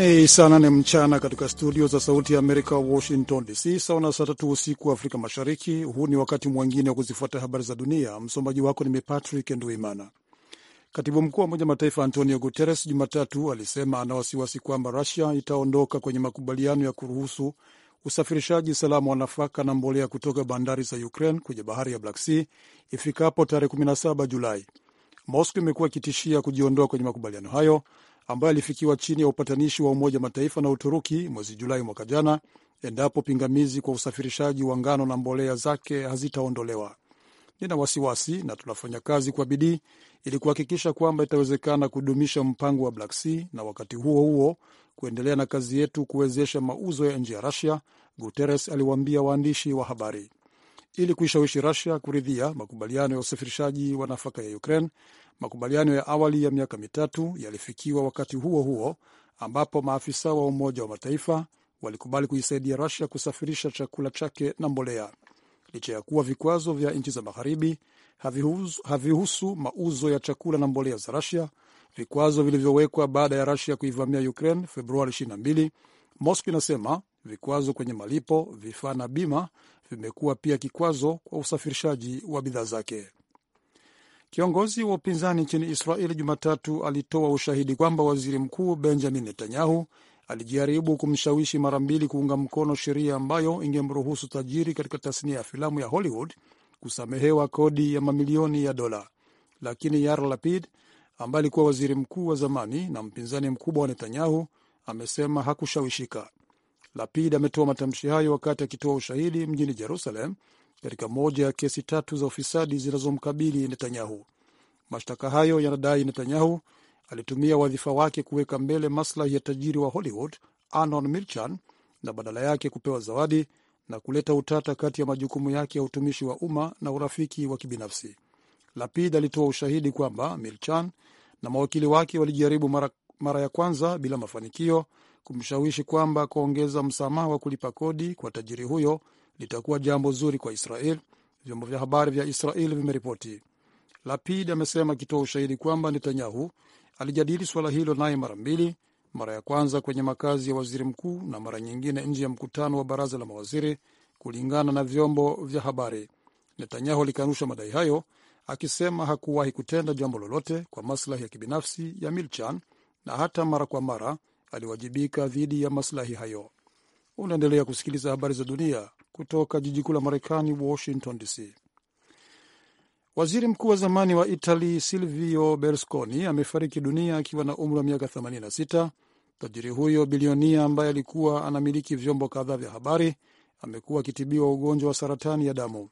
Ni saa nane mchana katika studio za Sauti ya Amerika, Washington DC, sawa na saa tatu usiku wa Afrika Mashariki. Huu ni wakati mwingine wa kuzifuata habari za dunia. Msomaji wako ni mimi Patrick Nduimana. Katibu mkuu wa Umoja Mataifa Antonio Guterres Jumatatu alisema ana wasiwasi kwamba Rusia itaondoka kwenye makubaliano ya kuruhusu usafirishaji salama wa nafaka na mbolea kutoka bandari za Ukraine kwenye bahari ya Black Sea ifikapo tarehe 17 Julai. Moscow imekuwa ikitishia kujiondoa kwenye makubaliano hayo ambayo alifikiwa chini ya upatanishi wa Umoja Mataifa na Uturuki mwezi Julai mwaka jana endapo pingamizi kwa usafirishaji wa ngano na mbolea zake hazitaondolewa. Nina wasiwasi na tunafanya kazi kwa bidii ili kuhakikisha kwamba itawezekana kudumisha mpango wa Black Sea na wakati huo huo kuendelea na kazi yetu kuwezesha mauzo ya nje ya rusia Guterres aliwaambia waandishi wa habari. Ili kuishawishi rasia kuridhia makubaliano ya usafirishaji wa nafaka ya Ukraine, Makubaliano ya awali ya miaka mitatu yalifikiwa wakati huo huo ambapo maafisa wa Umoja wa Mataifa walikubali kuisaidia rasia kusafirisha chakula chake na mbolea licha ya kuwa vikwazo vya nchi za magharibi havihusu mauzo ya chakula na mbolea za rasia Vikwazo vilivyowekwa baada ya rasia kuivamia Ukraine Februari 22. Moscow inasema vikwazo kwenye malipo, vifaa na bima vimekuwa pia kikwazo kwa usafirishaji wa bidhaa zake. Kiongozi wa upinzani nchini Israeli Jumatatu alitoa ushahidi kwamba waziri mkuu Benjamin Netanyahu alijaribu kumshawishi mara mbili kuunga mkono sheria ambayo ingemruhusu tajiri katika tasnia ya filamu ya Hollywood kusamehewa kodi ya mamilioni ya dola, lakini Yair Lapid ambaye alikuwa waziri mkuu wa zamani na mpinzani mkubwa wa Netanyahu amesema hakushawishika. Lapid ametoa matamshi hayo wakati akitoa ushahidi mjini Jerusalem katika moja ya kesi tatu za ufisadi zinazomkabili Netanyahu. Mashtaka hayo yanadai Netanyahu alitumia wadhifa wake kuweka mbele maslahi ya tajiri wa Hollywood Anon Milchan na badala yake kupewa zawadi na kuleta utata kati ya majukumu yake ya utumishi wa umma na urafiki wa kibinafsi. Lapid alitoa ushahidi kwamba Milchan na mawakili wake walijaribu mara, mara ya kwanza bila mafanikio kumshawishi kwamba kuongeza msamaha wa kulipa kodi kwa tajiri huyo litakuwa jambo zuri kwa Israel, vyombo vya habari vya Israel vimeripoti. Lapid amesema akitoa ushahidi kwamba Netanyahu alijadili suala hilo naye mara mbili, mara ya kwanza kwenye makazi ya waziri mkuu na mara nyingine nje ya mkutano wa baraza la mawaziri, kulingana na vyombo vya habari. Netanyahu alikanusha madai hayo akisema hakuwahi kutenda jambo lolote kwa maslahi ya kibinafsi ya Milchan na hata mara kwa mara aliwajibika dhidi ya maslahi hayo. Unaendelea kusikiliza habari za dunia kutoka jiji kuu la Marekani, Washington DC. Waziri mkuu wa zamani wa Itali Silvio Berlusconi amefariki dunia akiwa na umri wa miaka 86. Tajiri huyo bilionia ambaye alikuwa anamiliki vyombo kadhaa vya habari amekuwa akitibiwa ugonjwa wa saratani ya damu.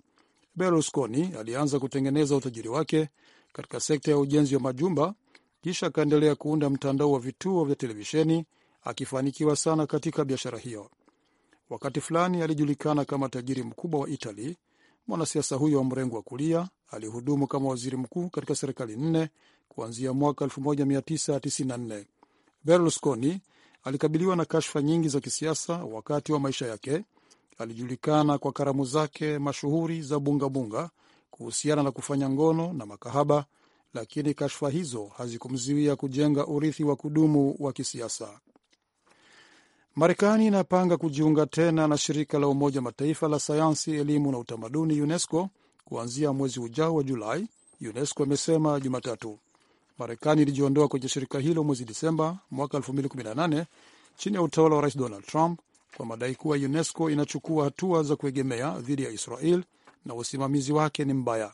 Berlusconi alianza kutengeneza utajiri wake katika sekta ya ujenzi wa majumba, kisha akaendelea kuunda mtandao wa vituo vya televisheni, akifanikiwa sana katika biashara hiyo. Wakati fulani alijulikana kama tajiri mkubwa wa itali Mwanasiasa huyo wa mrengo wa kulia alihudumu kama waziri mkuu katika serikali nne kuanzia mwaka 1994. Berlusconi alikabiliwa na kashfa nyingi za kisiasa wakati wa maisha yake. Alijulikana kwa karamu zake mashuhuri za bungabunga kuhusiana na kufanya ngono na makahaba, lakini kashfa hizo hazikumziwia kujenga urithi wa kudumu wa kisiasa. Marekani inapanga kujiunga tena na shirika la Umoja Mataifa la sayansi, elimu na utamaduni, UNESCO, kuanzia mwezi ujao wa Julai, UNESCO imesema Jumatatu. Marekani ilijiondoa kwenye shirika hilo mwezi Disemba mwaka 2018 chini ya utawala wa Rais Donald Trump kwa madai kuwa UNESCO inachukua hatua za kuegemea dhidi ya Israel na usimamizi wake ni mbaya.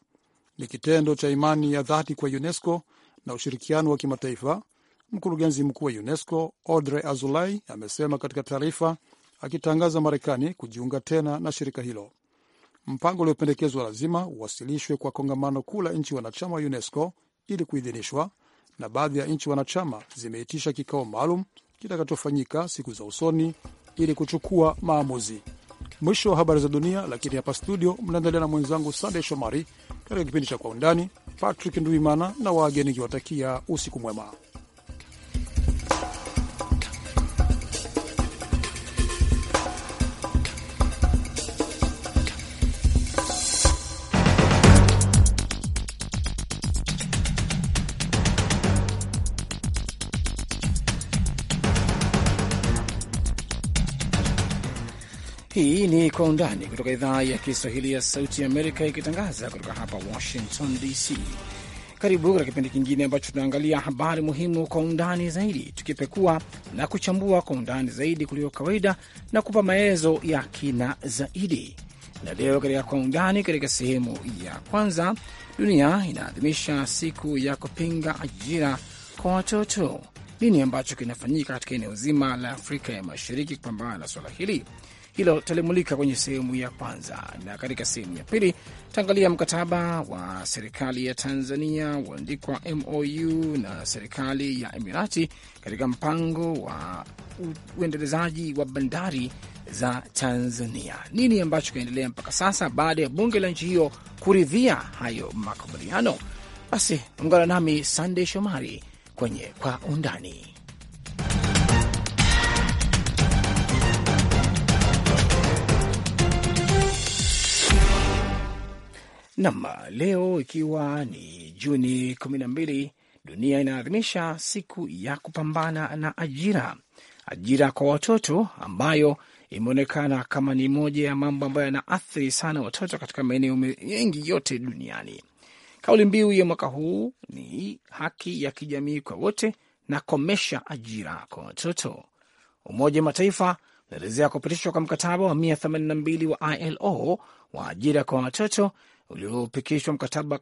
Ni kitendo cha imani ya dhati kwa UNESCO na ushirikiano wa kimataifa Mkurugenzi mkuu wa UNESCO Audrey Azoulay amesema katika taarifa akitangaza Marekani kujiunga tena na shirika hilo. Mpango uliopendekezwa lazima uwasilishwe kwa kongamano kuu la nchi wanachama wa UNESCO ili kuidhinishwa, na baadhi ya nchi wanachama zimeitisha kikao maalum kitakachofanyika siku za usoni ili kuchukua maamuzi. Mwisho wa habari za dunia, lakini hapa studio mnaendelea na mwenzangu Sandey Shomari katika kipindi cha Kwa Undani. Patrick Nduimana na wageni kiwatakia usiku mwema. Kwa Undani kutoka idhaa ya Kiswahili ya Sauti ya Amerika, ikitangaza kutoka hapa Washington DC. Karibu katika kipindi kingine ambacho tunaangalia habari muhimu kwa undani zaidi, tukipekua na kuchambua kwa undani zaidi kuliko kawaida na kupa maelezo ya kina zaidi. Na leo katika Kwa Undani, katika sehemu ya kwanza, dunia inaadhimisha siku ya kupinga ajira kwa watoto. Nini ambacho kinafanyika katika eneo zima la Afrika ya Mashariki kupambana na swala hili? hilo talimulika kwenye sehemu ya kwanza, na katika sehemu ya pili taangalia mkataba wa serikali ya Tanzania uandikwa MOU na serikali ya Emirati katika mpango wa uendelezaji wa bandari za Tanzania. Nini ambacho kinaendelea mpaka sasa baada ya bunge la nchi hiyo kuridhia hayo makubaliano? Basi ungana nami Sandey Shomari kwenye Kwa Undani. Nam, leo ikiwa ni Juni kumi na mbili, dunia inaadhimisha siku ya kupambana na ajira, ajira kwa watoto ambayo imeonekana kama ni moja ya mambo ambayo yanaathiri sana watoto katika maeneo mengi yote duniani. Kauli mbiu ya mwaka huu ni haki ya kijamii kwa wote na komesha ajira kwa watoto. Umoja wa Mataifa unaelezea kupitishwa kwa mkataba wa 182 wa ILO wa ajira kwa watoto uliopikishwa mkataba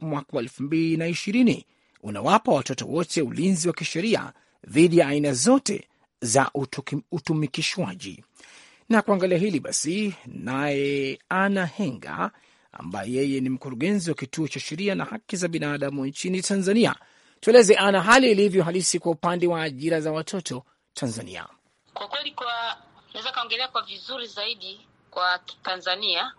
mwaka wa elfu mbili na ishirini unawapa watoto wote ulinzi wa kisheria dhidi ya aina zote za utuki, utumikishwaji. Na kuangalia hili basi, naye Ana Henga ambaye yeye ni mkurugenzi wa kituo cha sheria na haki za binadamu nchini Tanzania, tueleze Ana, hali ilivyo halisi kwa upande wa ajira za watoto Tanzania. Kwa kweli, kwa naweza kaongelea kwa vizuri zaidi kwa Tanzania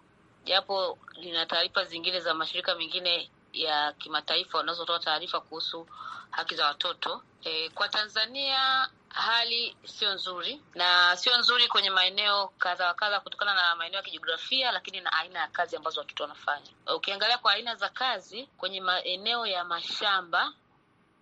japo lina taarifa zingine za mashirika mengine ya kimataifa wanazotoa taarifa kuhusu haki za watoto. E, kwa Tanzania hali sio nzuri na sio nzuri kwenye maeneo kadha wa kadha, kutokana na maeneo ya kijiografia, lakini na aina ya kazi ambazo watoto wanafanya. Ukiangalia kwa aina za kazi, kwenye maeneo ya mashamba,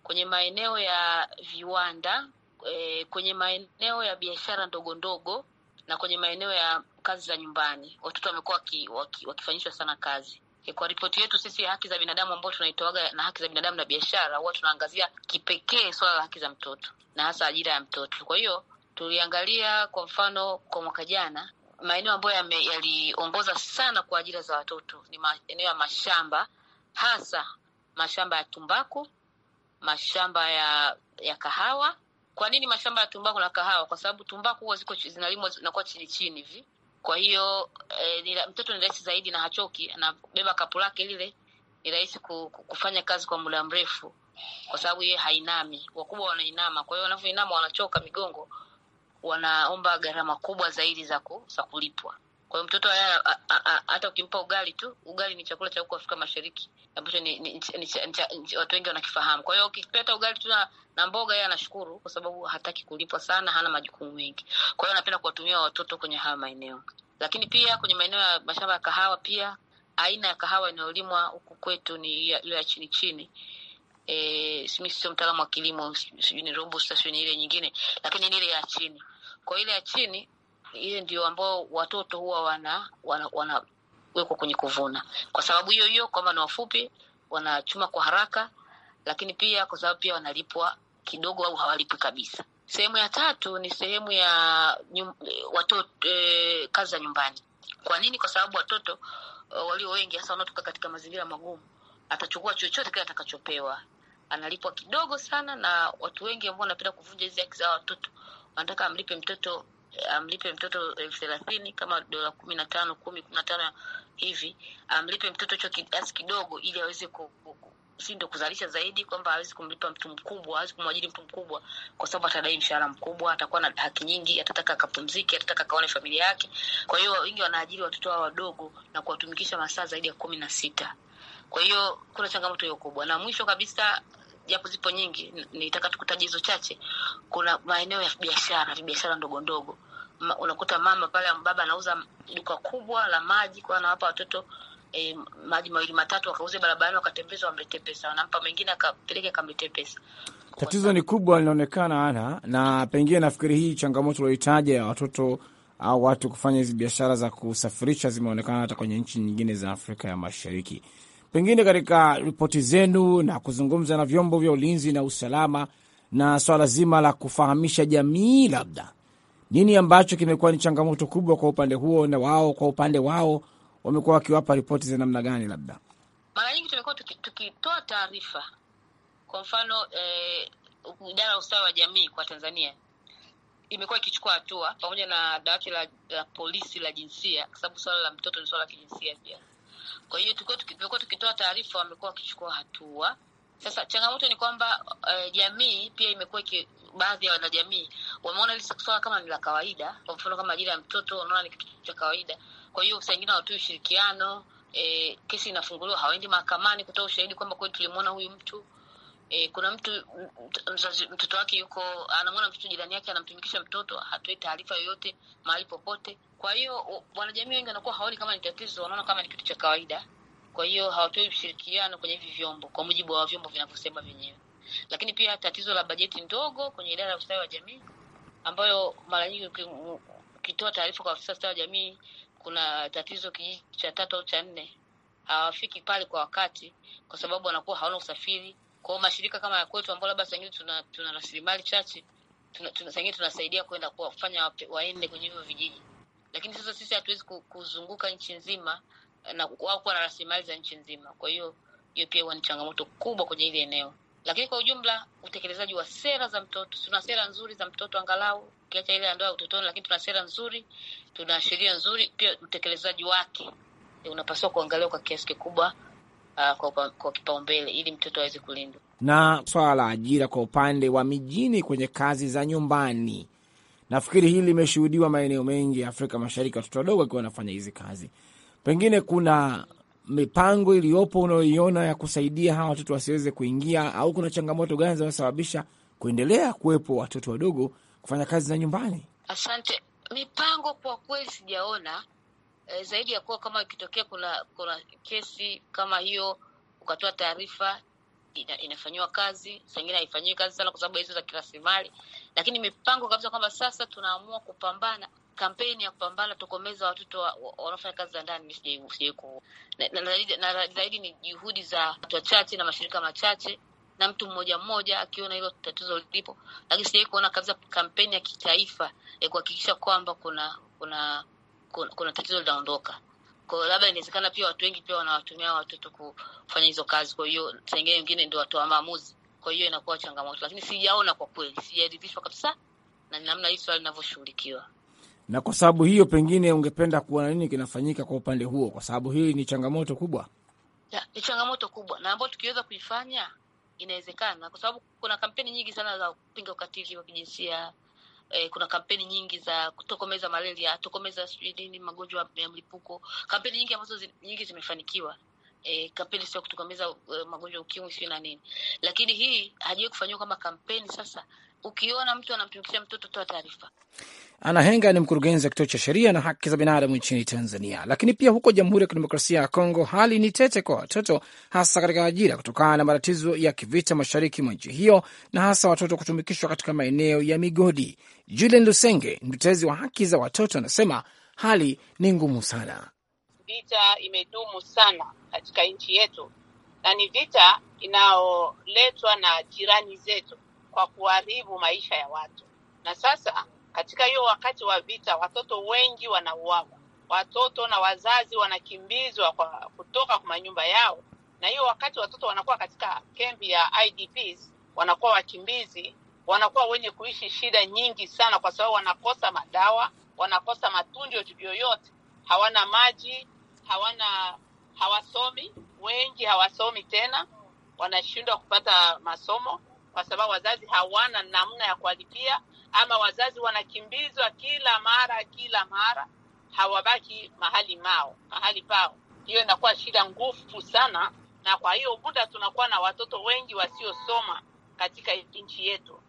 kwenye maeneo ya viwanda, e, kwenye maeneo ya biashara ndogo ndogo na kwenye maeneo ya kazi za nyumbani, watoto wamekuwa waki, waki, wakifanyishwa sana kazi. E, kwa ripoti yetu sisi ya haki za binadamu ambao tunaitoaga na haki za binadamu na biashara, huwa tunaangazia kipekee swala la haki za mtoto na hasa ajira ya mtoto. Kwa hiyo tuliangalia kwa mfano, kwa mwaka jana maeneo ambayo yaliongoza sana kwa ajira za watoto ni maeneo ya mashamba, hasa mashamba ya tumbaku, mashamba ya ya kahawa. Kwa nini mashamba ya tumbaku na kahawa? Kwa sababu tumbaku huwa ziko zinalimwa zinakuwa chini chini hivi kwa hiyo eh, mtoto ni rahisi zaidi na hachoki, anabeba kapu lake lile, ni rahisi kufanya kazi kwa muda mrefu kwa sababu yeye hainami. Wakubwa wanainama, kwa hiyo wanavyoinama wanachoka migongo, wanaomba gharama kubwa zaidi za kulipwa. Kwa hiyo mtoto haya, hata ukimpa ugali tu, ugali ni chakula cha huko Afrika Mashariki ambacho ni, ni, ni, ni, ni, watu wengi wanakifahamu. Kwa hiyo ukipata ugali tu na na mboga, yeye anashukuru, kwa sababu hataki kulipwa sana, hana majukumu mengi. Kwa hiyo anapenda kuwatumia watoto kwenye haya maeneo, lakini pia kwenye maeneo ya mashamba ya kahawa pia aina ya kahawa inayolimwa huku kwetu ni ile ya chini chini. E, simi sio mtaalamu wa kilimo, sijui ni robusta, sijui ni ile nyingine, lakini ni ile ya chini. Kwa ile ya chini ile ndio ambao watoto huwa wana wanawekwa wana, kwenye kuvuna, kwa sababu hiyo hiyo kwamba ni wafupi, wanachuma kwa haraka, lakini pia kwa sababu pia wanalipwa kidogo au hawalipwi kabisa. Sehemu ya tatu ni sehemu ya nyum, watoto e, kazi za nyumbani. Kwa nini? Kwa sababu watoto eh, walio wengi hasa wanaotoka katika mazingira magumu, atachukua chochote kile atakachopewa, analipwa kidogo sana, na watu wengi ambao wanapenda kuvunja hizi haki za watoto wanataka amlipe mtoto amlipe mtoto elfu thelathini kama dola kumi na tano kumi kumi na tano hivi, amlipe mtoto hicho kiasi kidogo, ili aweze si ndo kuzalisha zaidi, kwamba hawezi kumlipa mtu mkubwa, hawezi kumwajiri mtu mkubwa kwa sababu atadai mshahara mkubwa, atakuwa na haki nyingi, atataka akapumzike, atataka akaone familia yake. Kwa hiyo wengi wanaajiri watoto hao wadogo na kuwatumikisha masaa zaidi ya kumi na sita. Kwa hiyo kuna changamoto hiyo kubwa, na mwisho kabisa japo zipo nyingi, nitaka tukutaja hizo chache. Kuna maeneo ya biashara, biashara ndogo ndogo unakuta mama pale, baba anauza duka kubwa la maji kwa anawapa watoto E, maji mawili matatu wakauze barabarani, wakatembeza, wamlete pesa, wanampa mengine akapeleke akamlete pesa. Tatizo ni kubwa linaonekana, Ana, na pengine nafikiri hii changamoto ulioitaja ya watoto au watu kufanya hizi biashara za kusafirisha zimeonekana hata kwenye nchi nyingine za Afrika ya Mashariki. Pengine katika ripoti zenu na kuzungumza na vyombo vya ulinzi na usalama na swala zima la kufahamisha jamii, labda nini ambacho kimekuwa ni changamoto kubwa kwa upande huo, na wao kwa upande wao wamekuwa wakiwapa ripoti za namna gani? Labda mara nyingi tumekuwa tukitoa tuki taarifa, kwa mfano eh, idara eh, ya ustawi wa jamii kwa Tanzania imekuwa ikichukua hatua pamoja na dawati la, la polisi la jinsia, kwa sababu swala la mtoto ni swala la kijinsia pia. Kwa hiyo tumekuwa tukitoa taarifa, wamekuwa wakichukua hatua sasa changamoto ni kwamba uh, jamii pia imekuwa baadhi ya wanajamii wameona hili swala kama ni la kawaida. Kwa mfano kama ajira ya mtoto wanaona ni kitu cha kawaida, kwa hiyo saa ingine hawatoi ushirikiano e, kesi inafunguliwa, hawaendi mahakamani kutoa ushahidi kwamba kweli tulimwona huyu mtu e, kuna mtu mzazi, mtoto wake yuko anamwona mtoto jirani yake anamtumikisha mtoto, hatoi taarifa yoyote mahali popote. Kwa hiyo wanajamii wengi wanakuwa haoni kama ni tatizo, wanaona kama ni kitu cha kawaida kwa hiyo hawatoi ushirikiano kwenye hivi vyombo kwa mujibu wa vyombo vinavyosema vyenyewe. Lakini pia tatizo la bajeti ndogo kwenye idara ya ustawi wa jamii ambayo mara nyingi ukitoa taarifa kwa afisa ustawi wa jamii kuna tatizo kijiji cha tatu au cha nne hawafiki pale kwa wakati, kwa sababu wanakuwa hawana usafiri. Kwa hiyo mashirika kama ya kwetu ambao labda sangine tuna, tuna rasilimali chache tuna, tuna, sangine tunasaidia kwenda kuwafanya waende kwenye hivyo vijiji, lakini sasa sisi hatuwezi kuzunguka nchi nzima na au kuwa na rasilimali za nchi nzima. Kwa hiyo hiyo pia huwa ni changamoto kubwa kwenye hili eneo, lakini kwa ujumla utekelezaji wa sera za mtoto, tuna sera nzuri za mtoto, angalau ukiacha ile ya ndoa ya utotoni, lakini tuna sera nzuri, tuna sheria nzuri, pia utekelezaji wake eh, unapaswa kuangaliwa kwa kiasi kikubwa uh, kwa, kwa kipaumbele ili mtoto aweze kulindwa. Na swala la ajira kwa upande wa mijini kwenye kazi za nyumbani, nafikiri hili limeshuhudiwa maeneo mengi ya Afrika Mashariki, watoto wadogo wakiwa wanafanya hizi kazi pengine kuna mipango iliyopo unayoiona ya kusaidia hawa watoto wasiweze kuingia, au kuna changamoto gani zinazosababisha kuendelea kuwepo watoto wadogo kufanya kazi za nyumbani? Asante. Mipango kwa kweli sijaona e, zaidi ya kuwa kama ikitokea kuna kuna kesi kama hiyo ukatoa taarifa ina, inafanyiwa kazi, sengine haifanyiwi kazi sana kwa sababu hizo za kirasilimali, lakini mipango kabisa kwamba sasa tunaamua kupambana kampeni ya kupambana tokomeza watoto wanaofanya kazi za ndani sijaiku na, na, na na zaidi ni juhudi za watu wachache na mashirika machache na mtu mmoja mmoja akiona hilo tatizo lipo, lakini sijai kuona kabisa kampeni ya kitaifa ya kuhakikisha kwamba kuna kuna kuna, kuna tatizo linaondoka. Kwa labda inawezekana pia watu wengi pia wanawatumia watoto kufanya hizo kazi, kwa hiyo sengine wengine ndio watoa maamuzi, kwa hiyo inakuwa changamoto, lakini sijaona kwa kweli, sijaridhishwa kabisa na namna hii swali linavyoshughulikiwa na kwa sababu hiyo, pengine ungependa kuona nini kinafanyika kwa upande huo, kwa sababu hii ni changamoto kubwa ya, ni changamoto kubwa na ambayo tukiweza kuifanya inawezekana, kwa sababu kuna kampeni nyingi sana za kupinga ukatili wa kijinsia eh, kuna kampeni nyingi za kutokomeza malaria, tokomeza sijui nini, magonjwa ya mlipuko, kampeni nyingi ambazo zi, nyingi zimefanikiwa eh, kampeni sio kutokomeza eh, magonjwa ukimwi sio na nini, lakini hii hajiwe kufanyiwa kama kampeni sasa ukiona mtu anamtumikisha mtoto, toa taarifa. Ana Henga ni mkurugenzi wa kituo cha sheria na haki za binadamu nchini Tanzania. Lakini pia huko Jamhuri ya Kidemokrasia ya Kongo hali ni tete kwa watoto, hasa katika ajira, kutokana na matatizo ya kivita mashariki mwa nchi hiyo, na hasa watoto kutumikishwa katika maeneo ya migodi. Julian Lusenge mtetezi wa haki za watoto, anasema hali ni ngumu sana. Vita imedumu sana katika nchi yetu na ni vita inayoletwa na jirani zetu kwa kuharibu maisha ya watu. Na sasa katika hiyo wakati wa vita, watoto wengi wanauawa, watoto na wazazi wanakimbizwa kwa kutoka kwa manyumba yao, na hiyo wakati watoto wanakuwa katika kambi ya IDPs, wanakuwa wakimbizi, wanakuwa wenye kuishi shida nyingi sana, kwa sababu wanakosa madawa, wanakosa matunzo yoyote, hawana maji, hawana hawasomi, wengi hawasomi tena, wanashindwa kupata masomo kwa sababu wazazi hawana namna ya kuwalipia, ama wazazi wanakimbizwa kila mara kila mara, hawabaki mahali mao mahali pao. Hiyo inakuwa shida ngufu sana, na kwa hiyo muda tunakuwa na watoto wengi wasiosoma katika nchi yetu.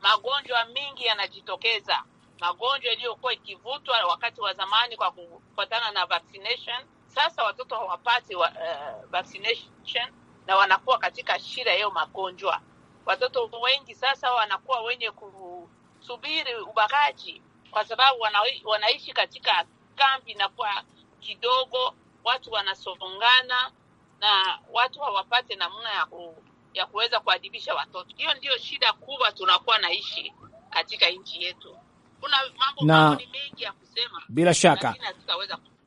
Magonjwa mengi yanajitokeza, magonjwa yaliyokuwa ikivutwa wakati wa zamani kwa kufuatana na vaccination. Sasa watoto hawapati wa, uh, vaccination na wanakuwa katika shida hiyo magonjwa Watoto wengi sasa wanakuwa wenye kusubiri ubakaji kwa sababu wana, wanaishi katika kambi kwa kidogo, watu wanasongana na watu hawapate namna ya, ku, ya kuweza kuadibisha watoto. Hiyo ndiyo shida kubwa tunakuwa naishi katika nchi yetu. Kuna mambo, mengi ya kusema bila shaka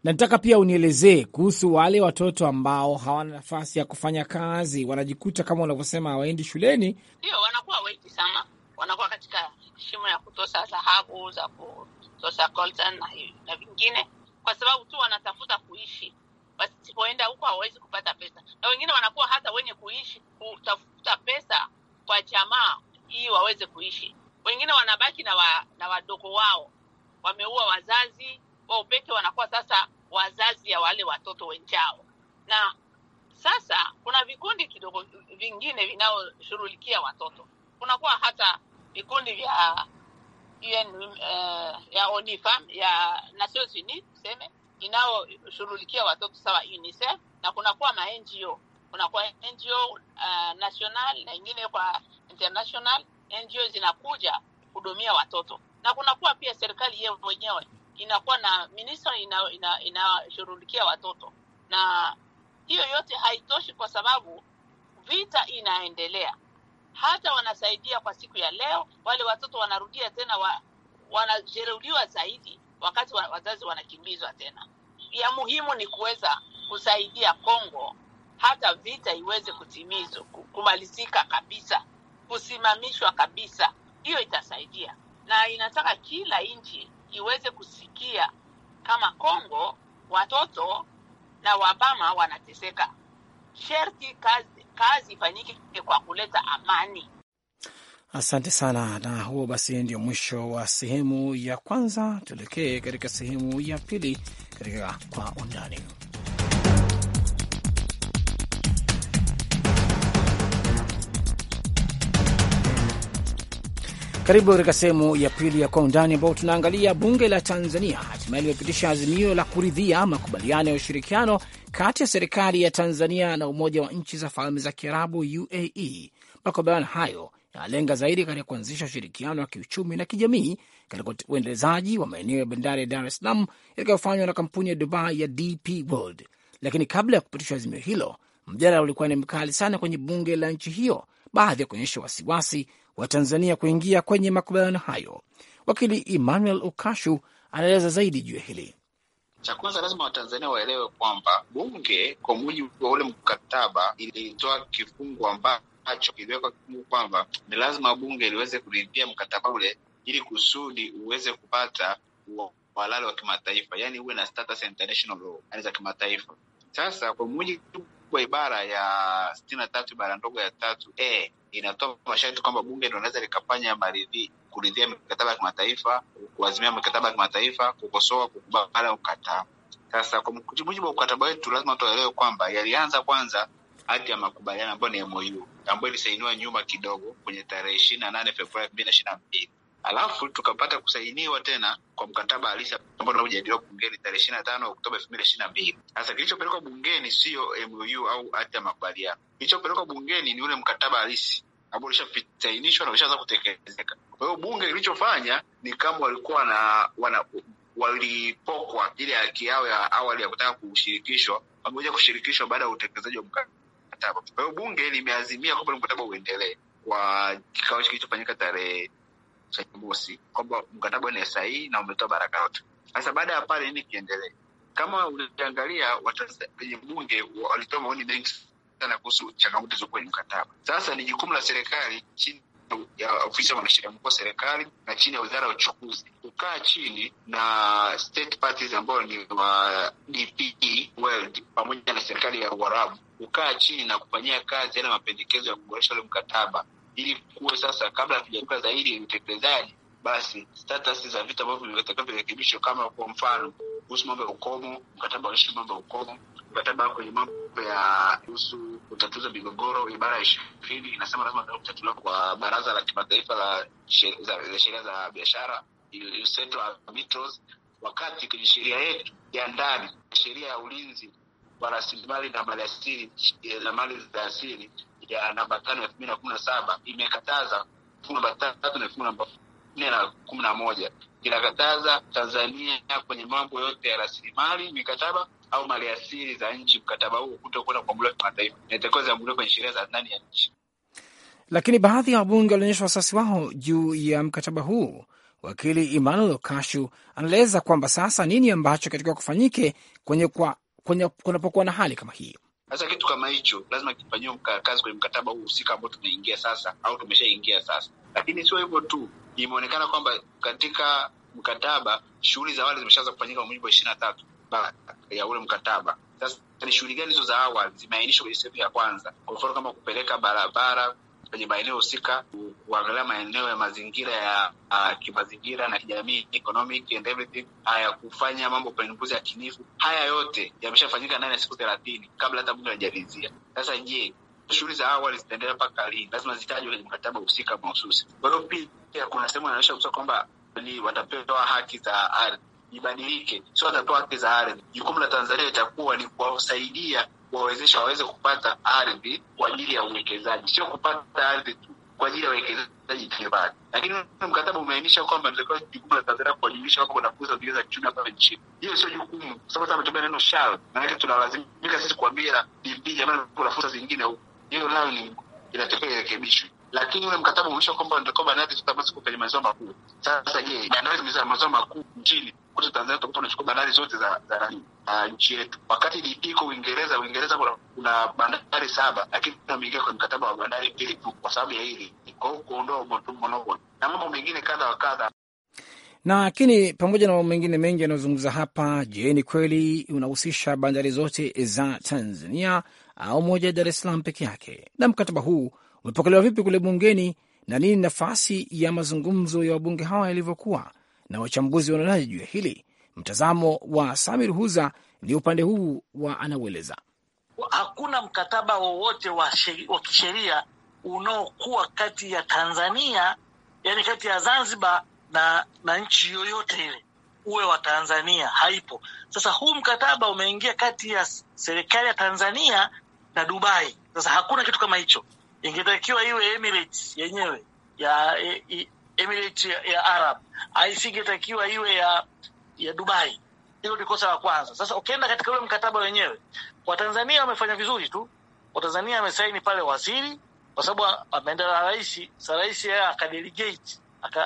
na nataka pia unielezee kuhusu wale watoto ambao hawana nafasi ya kufanya kazi, wanajikuta kama unavyosema hawaendi shuleni. Ndio wanakuwa wengi sana, wanakuwa katika shimo ya kutosa dhahabu za kutosa coltan na, na vingine, kwa sababu tu wanatafuta kuishi. Wasipoenda huko hawawezi kupata pesa, na wengine wanakuwa hata wenye kuishi kutafuta pesa kwa jamaa ili waweze kuishi. Wengine wanabaki na, wa, na wadogo wao, wameua wazazi wao peke, wanakuwa sasa ya wale watoto wenjao Na sasa kuna vikundi kidogo vingine vinaoshughulikia watoto, kunakuwa hata vikundi vya UN, uh, ya ONIFA ya Nations Unies tuseme inayoshughulikia watoto sawa UNICEF, na kunakuwa ma NGO kunakuwa NGO uh, eh, national na ingine kwa international NGO zinakuja hudumia watoto, na kunakuwa pia serikali yeye mwenyewe inakuwa na ministra ina, ina, ina watoto, na hiyo yote haitoshi kwa sababu vita inaendelea. Hata wanasaidia kwa siku ya leo, wale watoto wanarudia tena wa, wanajeruhiwa zaidi wakati wazazi wanakimbizwa tena. Ya muhimu ni kuweza kusaidia Kongo hata vita iweze kutimizwa, kumalizika kabisa, kusimamishwa kabisa. Hiyo itasaidia, na inataka kila nchi iweze kusikia kama Kongo watoto na wabama wanateseka. Sherti kazi, kazi ifanyike kwa kuleta amani. Asante sana. Na huo basi ndio mwisho wa sehemu ya kwanza. Tuelekee katika sehemu ya pili katika kwa undani. Karibu katika sehemu ya pili ya Kwa Undani, ambapo tunaangalia bunge la Tanzania hatimaye limepitisha azimio la kuridhia makubaliano ya ushirikiano kati ya serikali ya Tanzania na Umoja wa Nchi za Falme za Kiarabu, UAE. Makubaliano hayo yanalenga zaidi katika kuanzisha ushirikiano wa kiuchumi na kijamii katika uendelezaji wa maeneo ya bandari ya Dar es Salaam yatakayofanywa na kampuni ya Dubai ya DP World. Lakini kabla ya kupitishwa azimio hilo, mjadala ulikuwa ni mkali sana kwenye bunge la nchi hiyo, baadhi ya kuonyesha wasiwasi wa Tanzania kuingia kwenye makubaliano hayo. Wakili Emmanuel Ukashu anaeleza zaidi juu ya hili. Cha kwanza lazima Watanzania waelewe kwamba bunge kwa mujibu wa ule mkataba ilitoa kifungu ambacho kiliwekwa kifungu kwamba ni lazima bunge liweze kuridhia mkataba ule ili kusudi uweze kupata uhalali wa kimataifa, yaani uwe na status international law, yaani za kimataifa. Sasa kwa mujibu kwa ibara ya sitini na tatu ibara ndogo ya tatu e, inatoa masharti kwamba bunge ndo inaweza likafanya maridhi kuridhia mikataba ya kimataifa, kuazimia mikataba ya kimataifa, kukosoa, kukubali au kukataa. Sasa kwa mujibu wa ukataba wetu lazima tuelewe kwamba yalianza kwanza hati ya makubaliano ambayo ni MOU ambayo ilisainiwa nyuma kidogo kwenye tarehe ishirini na nane Februari elfu mbili na ishirini na mbili alafu tukapata kusainiwa tena kwa mkataba halisi ambao unaojadiliwa bungeni tarehe ishirini na tano Oktoba elfu mbili ishirini na mbili. Sasa kilichopelekwa bungeni siyo MOU au hati ya makubaliano, kilichopelekwa bungeni ni ule mkataba halisi ambao ulishasainishwa na ulishaanza kutekelezeka. Kwa hiyo bunge kilichofanya ni kama walikuwa na wana walipokwa ile haki yao ya awali ya kutaka kushirikishwa, wamekuja kushirikishwa baada ya utekelezaji wa mkataba. Kwa hiyo bunge limeazimia kwamba mkataba uendelee kwa kikao kilichofanyika tarehe cha kwamba mkataba ni sahihi na umetoa baraka yote. Sasa baada ya pale nini kiendelee? Kama uliangalia wenye bunge walitoa maoni mengi sana kuhusu changamoto za kwenye mkataba. Sasa ni jukumu la serikali chini ya ofisi ya mwanasheria mkuu wa serikali na chini ya wizara ya uchukuzi kukaa chini na state parties ni wa World pamoja na serikali ya Uarabu kukaa chini na kufanyia kazi yale mapendekezo ya kuboresha ule mkataba ili kuwe sasa, kabla hatujakuwa zaidi utekelezaji, basi status za vitu ambavyo vinatakiwa virekebisho, kama kwa mfano kuhusu mambo ya ukomo, mkataba wa ishirini mambo ya ukomo, mkataba kwenye mambo ya kuhusu kutatuza migogoro, ibara ya ishirini inasema lazima kutatuliwa kwa baraza la kimataifa la sheria za biashara wakati kwenye sheria yetu ya ndani, sheria ya ulinzi wa rasilimali na mali asili eh, na mali za asili ya namba tano elfu mbili na kumi na saba imekataza namba tatu na fungu namba nne na kumi na moja inakataza Tanzania kwenye mambo yote ya rasilimali, mikataba au mali asili za nchi. Mkataba huo kutokwenda kuambuliwa kimataifa, inatakiwa ziambuliwe kwenye sheria za ndani ya nchi. Lakini baadhi ya wabunge walionyesha wasiwasi wao juu ya mkataba huu. Wakili Emmanuel Kashu anaeleza kwamba sasa nini ambacho katika kufanyike kwenye kunapokuwa na hali kama hii. Sasa kitu kama hicho lazima kifanyiwe kazi kwenye mkataba huu husika ambao tumeingia sasa au tumeshaingia sasa. Lakini sio hivyo tu, imeonekana kwamba katika mkataba shughuli za awali zimeshaanza kufanyika kwa mujibu wa ishirini na tatu ya ule mkataba. Sasa ni shughuli gani hizo za awali zimeainishwa kwenye sehemu ya kwanza? Kwa mfano kama kupeleka barabara kwenye maeneo husika, kuangalia maeneo ya mazingira ya uh, kimazingira na kijamii economic and everything, haya kufanya mambo ya yakinifu. Haya yote yameshafanyika ndani ya siku thelathini kabla hata bunge hajalizia. Sasa je, shughuli za awali zitaendelea mpaka lini? Lazima zitajwe kwenye mkataba husika mahususi. Kwa hiyo pia kuna sehemu inaonyesha kusema kwamba watapewa haki za ardhi, ibadilike, sio watapewa haki za ardhi. Jukumu la Tanzania itakuwa ni kuwasaidia kuwawezesha waweze kupata ardhi kwa ajili ya uwekezaji, sio kupata ardhi tu kwa ajili ya uwekezaji kibali. Lakini mkataba umeainisha kwamba nilikuwa jukumu la Tanzania kuwajulisha kwamba kuna fursa zingine za kiuchumi hapa nchini. Hiyo sio jukumu, kwa sababu ametumia neno shall, maanake tunalazimika sisi kuambia DP, jamani, kuna fursa zingine huku. Hiyo nayo ni inatakiwa irekebishwe, lakini ule mkataba umeonyesha kwamba ndio kwamba nadi tutabasi kwenye mazao makuu. Sasa je, bandari za mazao makuu nchini kwetu Tanzania tutakuwa tunashukuru bandari zote za, za nani uh, nchi yetu. Wakati iko Uingereza, Uingereza kuna, kuna bandari saba, lakini wameingia kwenye mkataba wa bandari mbili tu kwa sababu ya hili kwa kuondoa monopoli na mambo mengine kadha wa kadha na lakini pamoja na mambo mengine mengi yanayozungumza hapa. Je, ni kweli unahusisha bandari zote za Tanzania au moja ya Dar es Salaam peke yake? Na mkataba huu umepokelewa vipi kule bungeni na nini nafasi ya mazungumzo ya wabunge hawa yalivyokuwa? na wachambuzi wanaonaje juu ya hili? Mtazamo wa Samir Huza ni upande huu wa anaueleza. Hakuna mkataba wowote wa, wa kisheria unaokuwa kati ya Tanzania, yani kati ya Zanzibar na, na nchi yoyote ile uwe wa Tanzania, haipo. Sasa huu mkataba umeingia kati ya serikali ya Tanzania na Dubai. Sasa hakuna kitu kama hicho, ingetakiwa iwe Emirates yenyewe ya, ya, e, Emirate ya, ya Arab aisingetakiwa iwe ya ya Dubai. Hilo ni kosa la kwanza. Sasa ukienda katika ule mkataba wenyewe, kwa Tanzania wamefanya vizuri tu. Kwa Tanzania amesaini pale waziri, kwa sababu ameenda na rais, sa rais yeye akadelegate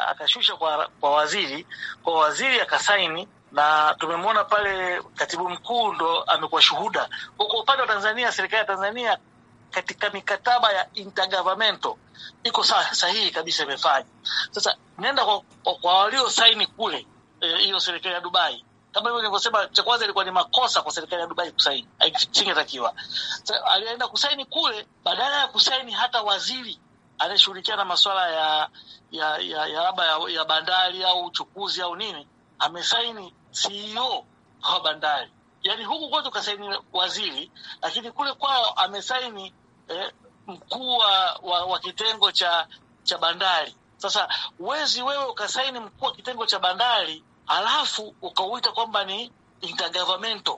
akashusha kwa, kwa waziri, kwa waziri akasaini na tumemwona pale katibu mkuu ndo amekuwa shuhuda. Kwa upande wa Tanzania, serikali ya Tanzania katika mikataba ya intergovernmental iko sahihi kabisa imefanya. Sasa nenda kwa, kwa kwa waliosaini kule eh, hiyo e, serikali ya Dubai kama hivyo nilivyosema, cha kwanza ilikuwa ni makosa kwa serikali ya Dubai kusaini, haisingetakiwa. Alienda kusaini kule, badala ya kusaini hata waziri anayeshughulikia na masuala ya ya ya ya, ya, ya bandari au uchukuzi au nini, amesaini CEO wa bandari. Yani huku kwetu kasaini waziri, lakini kule kwao amesaini eh, mkuu wa, wa kitengo cha cha bandari. Sasa wezi wewe ukasaini mkuu wa kitengo cha bandari alafu ukauita kwamba ni intergovernmental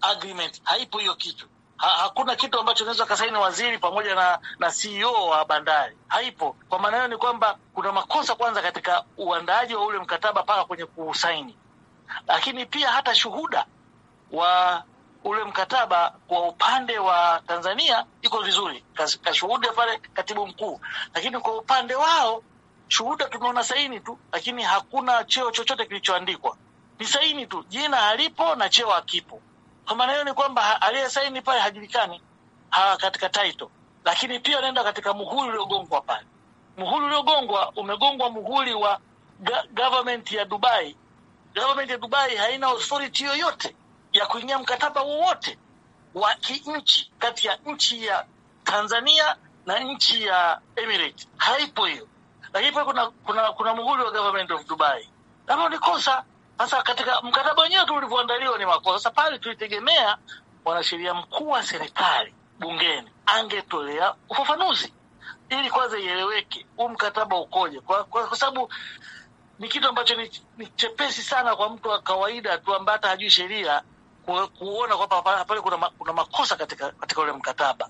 agreement. Haipo hiyo kitu. Ha, hakuna kitu ambacho unaweza kasaini waziri pamoja na na CEO wa bandari, haipo. Kwa maana hiyo ni kwamba kuna makosa kwanza katika uandaaji wa ule mkataba mpaka kwenye kuusaini, lakini pia hata shuhuda wa ule mkataba kwa upande wa Tanzania iko vizuri, kashuhuda pale katibu mkuu, lakini kwa upande wao shuhuda tumeona saini tu, lakini hakuna cheo chochote kilichoandikwa, ni saini tu, jina alipo na cheo akipo Kwa maana hiyo ni kwamba aliye saini pale hajulikani ha, katika title, lakini pia anaenda katika muhuri uliogongwa pale. Muhuri uliogongwa umegongwa muhuri wa government ya Dubai. Government ya Dubai haina authority yoyote ya kuingia mkataba wowote wa kinchi kati ya nchi ya Tanzania na nchi ya Emirates. Haipo hiyo, lakini kuna, kuna, kuna muhuri wa government of Dubai ambao ni kosa sasa. Katika mkataba wenyewe tu ulivyoandaliwa ni makosa. Sasa pale tulitegemea mwanasheria mkuu wa serikali bungeni angetolea ufafanuzi ili kwanza ieleweke huu mkataba ukoje, kwa, kwa, kwa sababu ni kitu ambacho ni, ni chepesi sana kwa mtu wa kawaida tu ambaye hata hajui sheria kuona kwamba pale kuna, ma, kuna makosa katika, katika ule mkataba,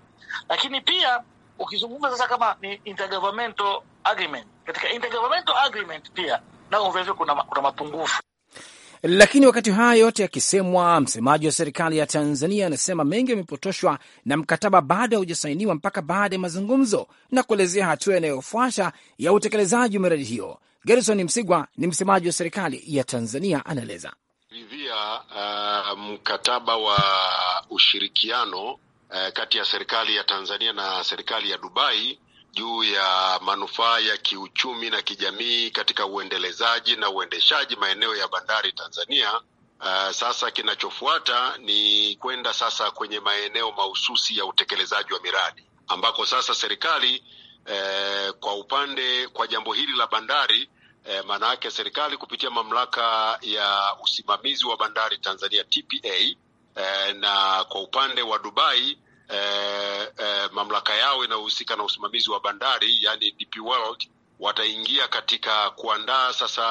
lakini pia ukizungumza sasa kama ni intergovernmental agreement, katika intergovernmental agreement pia nao vilevile kuna, kuna mapungufu. Lakini wakati haya yote yakisemwa, msemaji wa serikali ya Tanzania anasema mengi yamepotoshwa na mkataba bado haujasainiwa mpaka baada ya mazungumzo na kuelezea hatua inayofuata ya utekelezaji wa miradi hiyo. Gerson Msigwa ni msemaji wa serikali ya Tanzania, anaeleza kuridhia uh, mkataba wa ushirikiano uh, kati ya serikali ya Tanzania na serikali ya Dubai juu ya manufaa ya kiuchumi na kijamii katika uendelezaji na uendeshaji maeneo ya bandari Tanzania. Uh, sasa kinachofuata ni kwenda sasa kwenye maeneo mahususi ya utekelezaji wa miradi ambako sasa serikali uh, kwa upande kwa jambo hili la bandari E, maana yake serikali kupitia mamlaka ya usimamizi wa bandari Tanzania TPA e, eh, na kwa upande wa Dubai e, e, mamlaka yao inayohusika na usimamizi wa bandari yani DP World wataingia katika kuandaa sasa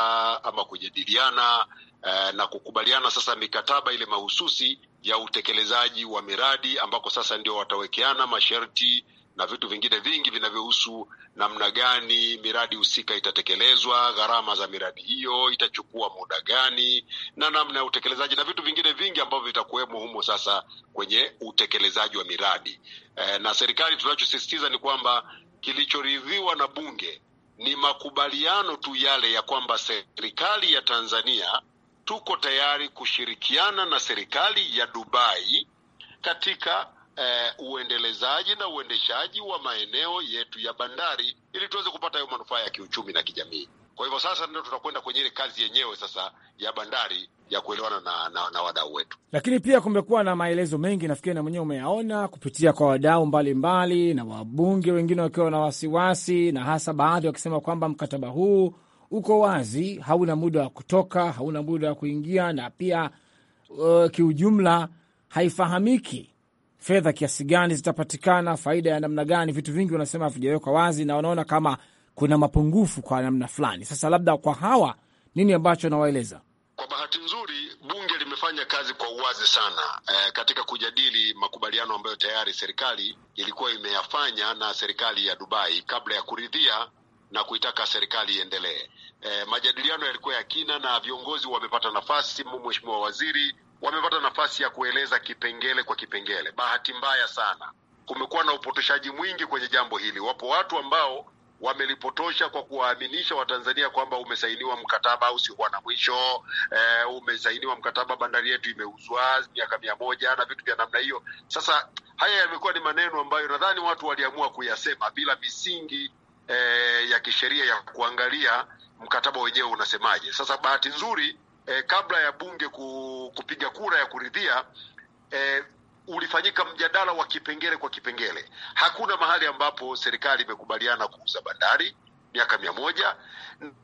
ama kujadiliana e, na kukubaliana sasa mikataba ile mahususi ya utekelezaji wa miradi ambako sasa ndio watawekeana masharti na vitu vingine vingi vinavyohusu namna gani miradi husika itatekelezwa, gharama za miradi hiyo, itachukua muda gani, na namna ya utekelezaji na vitu vingine vingi ambavyo vitakuwemo humo sasa kwenye utekelezaji wa miradi e, na serikali, tunachosisitiza ni kwamba kilichoridhiwa na bunge ni makubaliano tu yale ya kwamba serikali ya Tanzania tuko tayari kushirikiana na serikali ya Dubai katika eh, uendelezaji na uendeshaji wa maeneo yetu ya bandari ili tuweze kupata hayo manufaa ya kiuchumi na kijamii. Kwa hivyo sasa ndio tutakwenda kwenye ile kazi yenyewe sasa ya bandari ya kuelewana na, na, na wadau wetu. Lakini pia kumekuwa na maelezo mengi, nafikiri na mwenyewe umeyaona kupitia kwa wadau mbalimbali na wabunge wengine wakiwa na wasiwasi, na hasa baadhi wakisema kwamba mkataba huu uko wazi, hauna muda wa kutoka, hauna muda wa kuingia, na pia uh, kiujumla haifahamiki fedha kiasi gani zitapatikana, faida ya namna gani, vitu vingi wanasema havijawekwa wazi na wanaona kama kuna mapungufu kwa namna fulani. Sasa labda kwa hawa nini ambacho nawaeleza? Kwa bahati nzuri bunge limefanya kazi kwa uwazi sana e, katika kujadili makubaliano ambayo tayari serikali ilikuwa imeyafanya na serikali ya Dubai kabla ya kuridhia na kuitaka serikali iendelee. E, majadiliano yalikuwa ya kina na viongozi wamepata nafasi, Mheshimiwa Waziri wamepata nafasi ya kueleza kipengele kwa kipengele. Bahati mbaya sana, kumekuwa na upotoshaji mwingi kwenye jambo hili. Wapo watu ambao wamelipotosha kwa kuwaaminisha Watanzania kwamba umesainiwa mkataba usiokuwa na mwisho, e, umesainiwa mkataba, bandari yetu imeuzwa miaka mia moja na vitu vya namna hiyo. Sasa haya yamekuwa ni maneno ambayo nadhani watu waliamua kuyasema bila misingi e, ya kisheria ya kuangalia mkataba wenyewe unasemaje. Sasa bahati nzuri eh, kabla ya bunge ku, kupiga kura ya kuridhia eh, ulifanyika mjadala wa kipengele kwa kipengele. Hakuna mahali ambapo serikali imekubaliana kuuza bandari miaka mia moja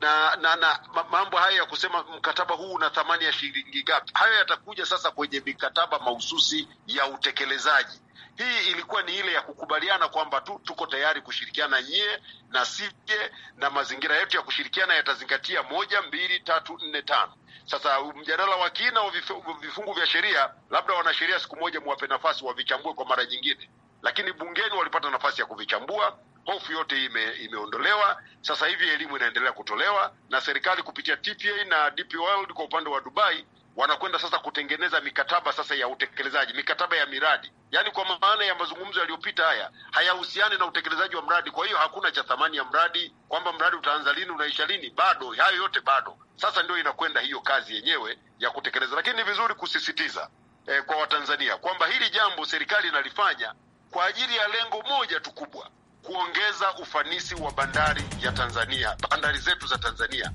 na, na, na mambo haya ya kusema mkataba huu una thamani ya shilingi ngapi, hayo yatakuja sasa kwenye mikataba mahususi ya utekelezaji hii ilikuwa ni ile ya kukubaliana kwamba tu tuko tayari kushirikiana nyie na sije na mazingira yetu ya kushirikiana yatazingatia moja, mbili, tatu, nne, tano. Sasa mjadala wa kina wa vifungu vya sheria, labda wanasheria siku moja muwape nafasi wavichambue kwa mara nyingine, lakini bungeni walipata nafasi ya kuvichambua. Hofu yote ime, imeondolewa. Sasa hivi elimu inaendelea kutolewa na serikali kupitia TPA na DP World kwa upande wa Dubai wanakwenda sasa kutengeneza mikataba sasa ya utekelezaji, mikataba ya miradi, yaani kwa maana ya mazungumzo yaliyopita haya hayahusiani na utekelezaji wa mradi. Kwa hiyo hakuna cha thamani ya mradi kwamba mradi utaanza lini, unaisha lini, bado hayo yote bado. Sasa ndio inakwenda hiyo kazi yenyewe ya kutekeleza, lakini ni vizuri kusisitiza eh, kwa Watanzania kwamba hili jambo serikali inalifanya kwa ajili ya lengo moja tu kubwa, kuongeza ufanisi wa bandari ya Tanzania, bandari zetu za Tanzania.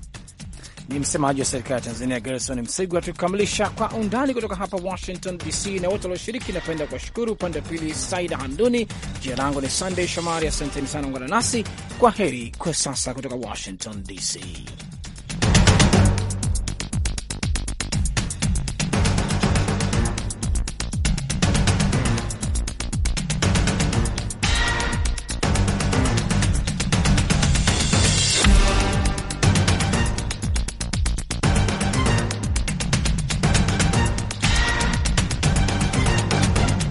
Ni msemaji wa serikali ya Tanzania, Gerson Msigwa. Tukikamilisha kwa undani kutoka hapa Washington DC na wote walioshiriki, napenda kuwashukuru upande wa pili Saida handuni Jina langu ni Sandey Shomari, asanteni sana, ungana nasi. Kwa heri kwa sasa kutoka Washington DC.